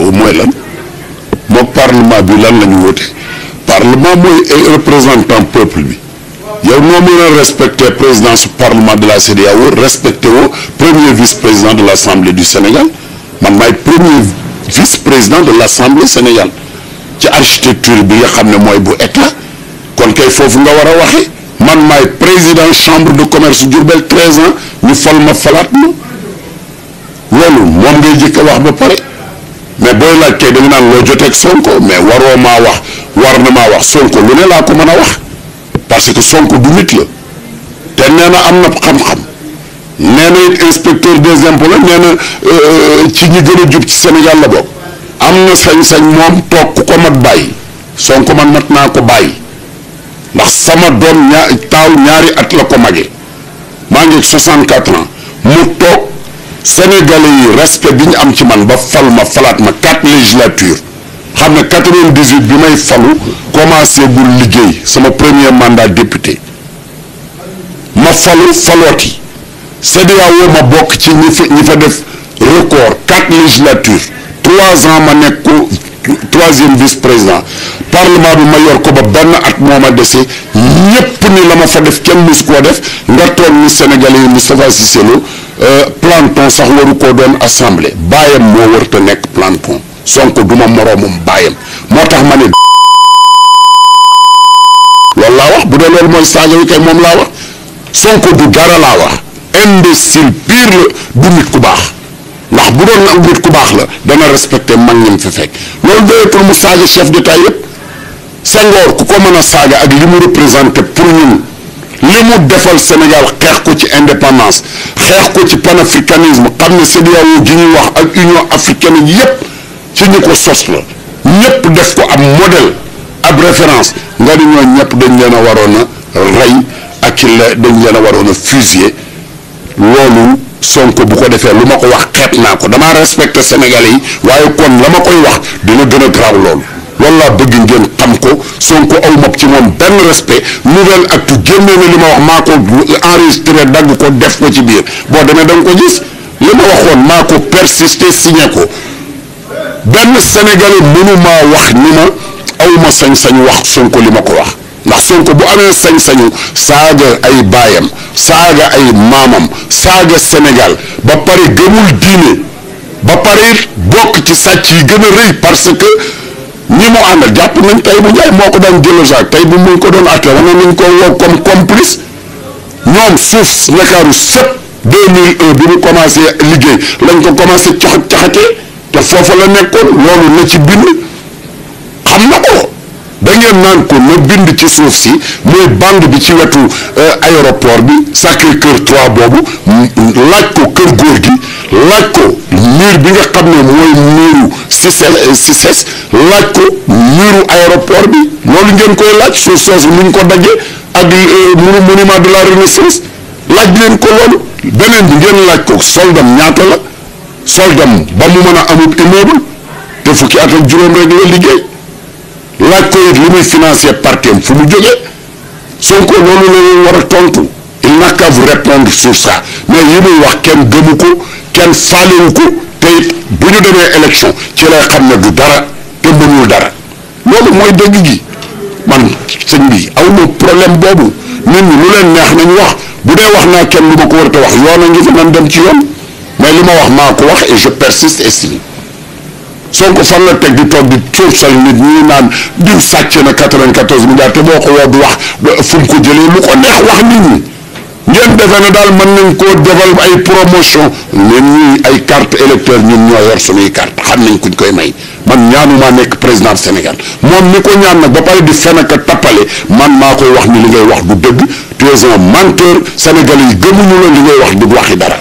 au moins là mon parlement bi la nouveauté parlement est et représentant peuple bi yow noo mën respecter président du parlement de la cdao respecté au premier vice président de l'assemblée du Sénégal man premier vice président de l'assemblée assemblée Sénégal ci architecture bi nga xam ne mooy bu état kon kay faut nga war a waxee man maay président chambre de commerce Bel 13 ans ñu fal ma falaat ma loolu moom ngay jëkk a wax ba mais booy laajtee dañu naan loo joteeg Sonko mais waroo maa wax war na maa wax Sonko lu ne laa ko mën a wax parce que Sonko du nit la te nee na am na xam-xam nee na it inspecteur des impôts la nee na euh, ci ñi gën a jub ci Sénégal la bokk am sañ-sañ moom toog ko mat bàyyi Sonko man mat naa ko bàyyi ndax sama doom ñaar taaw ñaari at la ko mage maa 64 ans mu toog. sénégalais yi respect bi ñu am ci man ba fal ma falaat ma quatre législature xam ne quatre-vingt-dix-huit bi may falu commencé bul liggéey sama premier mandat député ma falu falooti CEDEAO ma bokk ci ñi fa ñi fa def record quatre législature trois ans ma nekk troisième vice président parlement bi ma yor ko ba benn at moo ma dese ñépp ni la ma fa def kenn mus koo def nga toog ni sénégalais yi Moustapha Cissé euh, planton sax waru koo doon assemblée baayam moo wërta nekk planton Sonko duma moroomum baayam moo tax ma ne loolu laa wax bu dee loolu mooy saaga wi kay moom laa wax Sonko du dara laa wax imbécile la dana respecté mag ñam fi fekk doy pour mu saaga chef d'état yépp sangor ku ko mën saga ak limu mu pour ñun li mu defal Sénégal xex ko ci indépendance xex ko ci panafricanisme xam ne CEDEAO gi ñuy wax ak Union africaine yépp ci ñu ko sos la ñépp def ko am modèle ab référence nga di ñoo ñépp dañ leen a waroon a rey ak dañ leen a waroon a fusiller loolu Sonko bu ko defee lu ma ko wax xeet naa ko damaa respecté Sénégalais yi waaye kon la ma koy wax dina gën a garaaw loolu loolu laa bëgg ngeen xam ko Sonko aw mopp ci moom benn respect nouvelle actu génnee na li ma wax maa ko enregistré dagg ko def ko ci biir boo demee da ko gis li ma waxoon maa ko persister signé ko benn Sénégalais mënu wax ni ma awma sañ-sañ wax Sonko li ma ko wax ndax Sonko bu amee sañ-sañu saaga ay baayam saaga ay maamam saaga Sénégal ba pare gëmul diine ba pare it bokk ci sàcc yi gën a rëy parce que ñi mu àndal jàpp nañ tey bu njaay moo ko daan jëlosaak tey bu mu ko doon atte wane nañ ko woo comme complice ñoom suuf Ndakaaru sëpp 2001 bi mu commencé liggéey lañ ko commencé coxat-caxatee te foofa la nekkoon loolu na ci bind ngeen naan ko na bind ci suuf si mooy bande bi ci wetu euh, aéroport bi sacré kër 3 boobu laaj ko kër góor gi laaj ko mur bi nga xam ne mooy muru CICES euh, laaj ko muru aéroport bi loolu ngeen koy laaj suuf soosu nu ñu ko daggee ak euh, monument de la renaissance laaj leen ko loolu beneen bi ngeen laaj ko soldam ñaata la soldam ba mu mën a amub immeuble te fukki at ak juróom rek liggéey laaj ko it li muy financé parti am fu mu jógee Sonko loolu la war a tontu il n'a qu'à vous répondre sur ça mais yi muy wax kenn gëmu ko kenn faalewu ko te it bu ñu demee élection ci lay xam ne du dara te mënul dara loolu mooy dëgg gi man sëñ bi aw ma problème boobu nit ñi lu leen neex nañu wax bu dee wax naa kenn lu ma ko war a wax yoon a ngi fi man dem ci yoon mais lu ma wax maa ko wax e je persiste et Sonko fan la teg di toog di cuursal nit ñi naan diw sàcc na 94 milliards te boo ko woo du wax fu mu ko jëlee lu ko neex wax nit ñi ngeen defe ne daal mën nañ koo defal ay promotion leen ñuy ay carte électeur ñun ñoo yor suñuy carte xam nañ kuñ koy may man ñaanuma nekk président Sénégal moom ni ko ñaan nag ba pare di fen ak man maa koy wax ni li wax du dëgg tu es un menteur sénégalais yi gëmuñu la li ngay wax di du waxi dara